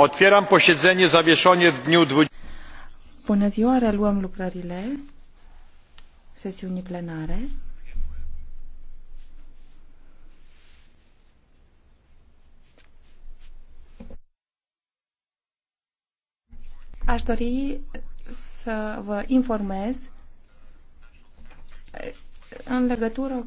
Otwieram posiedzenie zawieszone w dniu 20. Bună ziua, reluăm lucrările sesiunii plenare. Aș dori să vă informez în legătură